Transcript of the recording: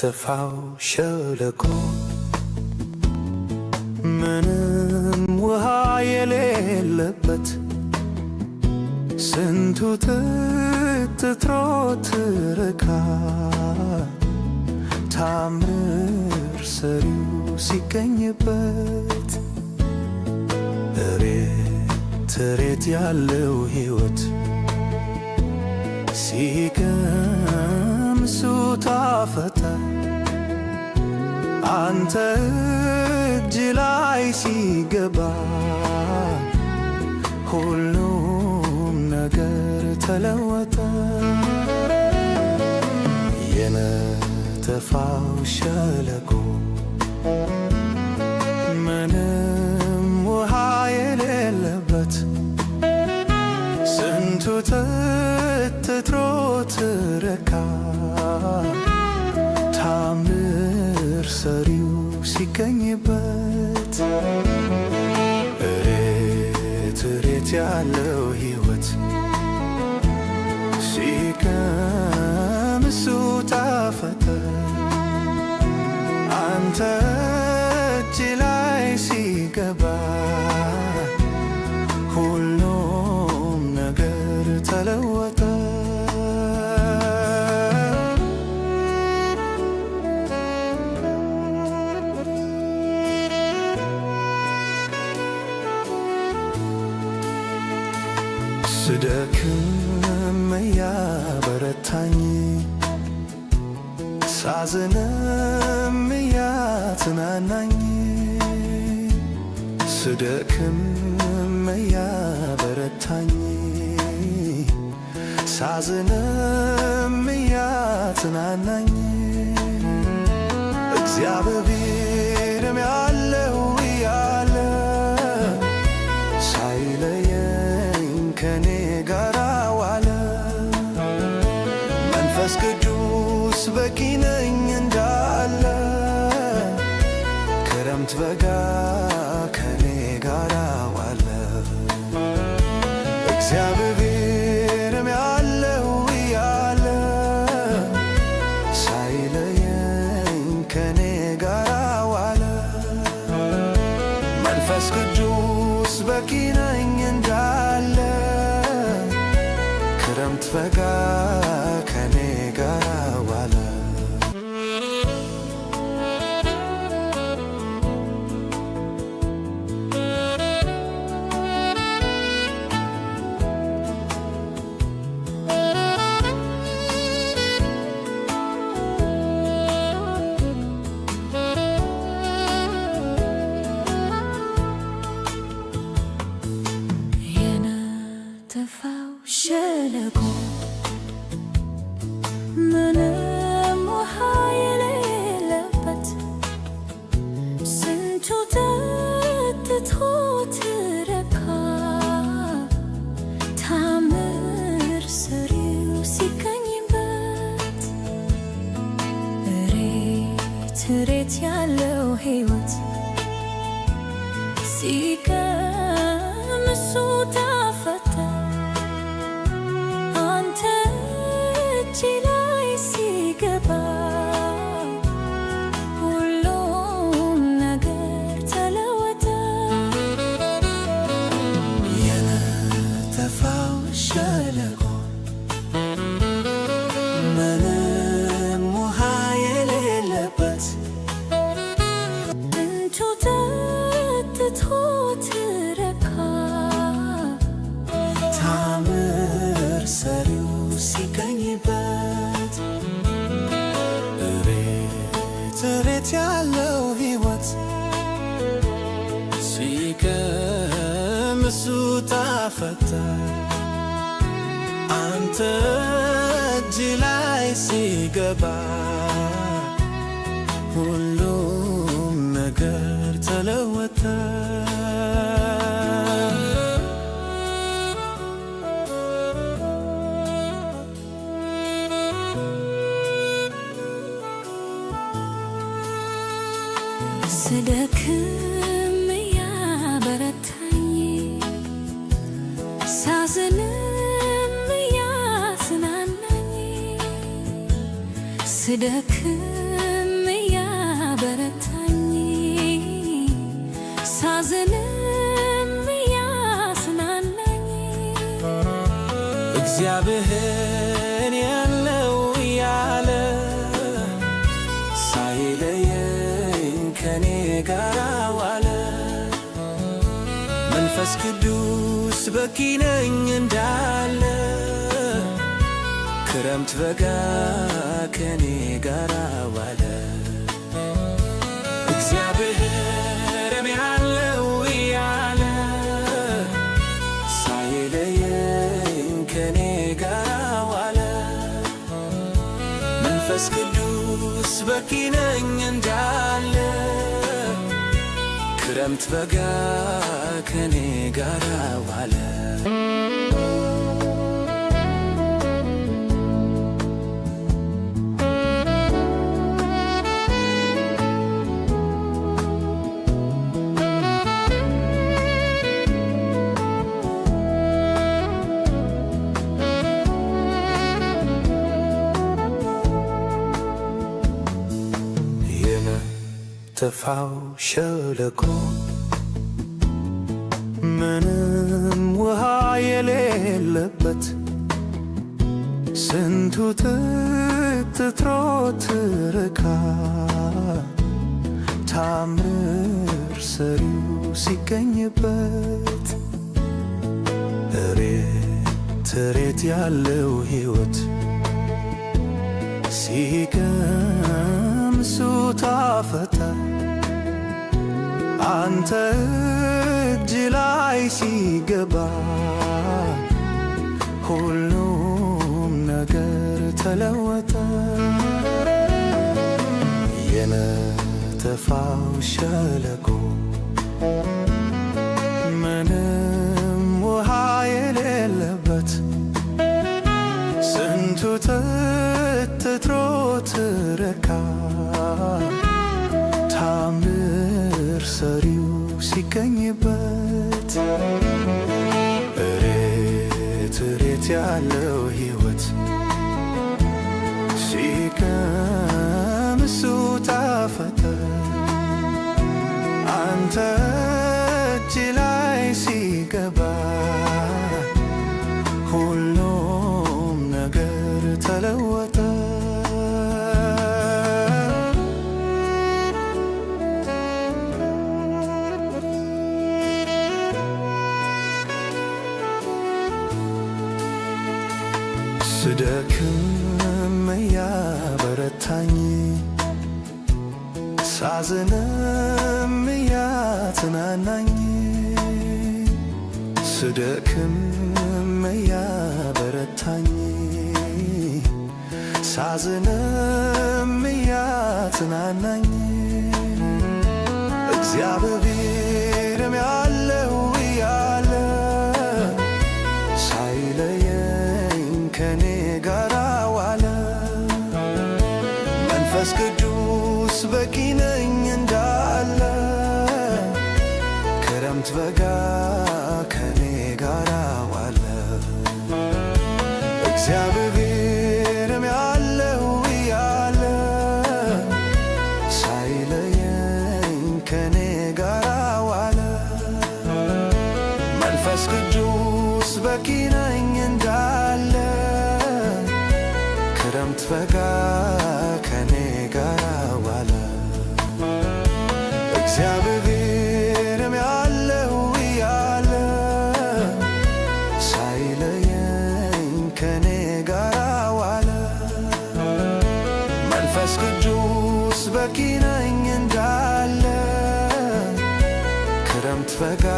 በሚተፋው ሸለቆ ምንም ውሃ የሌለበት ስንቱ ትትትሮ ትርካ ታምር ሰሪው ሲገኝበት እሬት እሬት ያለው ሕይወት ሲገምሱ ታፈታ አንተ እጅ ላይ ሲገባ ሁሉም ነገር ተለወጠ። የነተፋው ሸለቆ ምንም ውሃ የሌለበት ስንቱ ተትትሮ ትረካ የምገኝበት ስደክም እያበረታኝ ሳዝንም እያጽናናኝ ስደክም እያበረታኝ ሳዝንም እያጽናናኝ እግዚአብሔር መንፈስ ቅዱስ በቂ ነኝ እንዳለ ክረምት በጋ ከኔ ጋር ዋለ። እግዚአብሔርም ያለው እያለ ሳይለየኝ ከኔ ጋር ዋለ። መንፈስ ቅዱስ በቂ ነኝ እንዳለ ክረምት በጋ በሚያተፋው ሸለቆ ምንም ውሃ የሌለበት ስንቱ ጠጥቶ ትረካ ታምር ሰሪው ሲገኝበት እሬት እሬት ያለው ሕይወት ሲቀምሱታ فتى አንተ እጅ ላይ ሲገባ ሁሉም ነገር ተለወጠ። ሰደክ ስደክም እያበረታኝ ሳዝንም እያስናናኝ እግዚአብሔር ያለው እያለ ሳይለየኝ ከኔ ጋር ዋለ። መንፈስ ቅዱስ በቂ ነኝ እንዳለ ክረምት በጋ ከኔ ጋር ዋለ። እግዚአብሔርም ያለው እያለ ሳይለየኝ ከኔ ጋር ዋለ። መንፈስ ቅዱስ በቂ ነኝ እንዳለ ክረምት በጋ ከኔ ጋር ዋለ። ጠፋው ሸለቆ ምንም ውሃ የሌለበት ስንቱ ትትትሮ ትርካ ታምር ሰሪው ሲገኝበት እሬት እሬት ያለው ሕይወት ሲገምሱ ታፈታ! አንተ እጅ ላይ ሲገባ ሁሉም ነገር ተለወጠ። የነተፋው ሸለቆ ያለው ህይወት ሲቀምሱ ጣፈጠ አንተ እጅ ላይ ሲገባ ሁሉም ነገር ተለወጠ። ሳዝንም እያጽናናኝ ስደክም እያበረታኝ ሳዝንም እያጽናናኝ እግዚአብሔር ፈጋ ከኔ ጋር ዋለ። እግዚአብሔርም ያለው እያለ ሳይለየኝ ከኔ ጋር ዋለ። መንፈስ ቅዱስ በኪነኝ እንዳለ ክረምት ፈጋ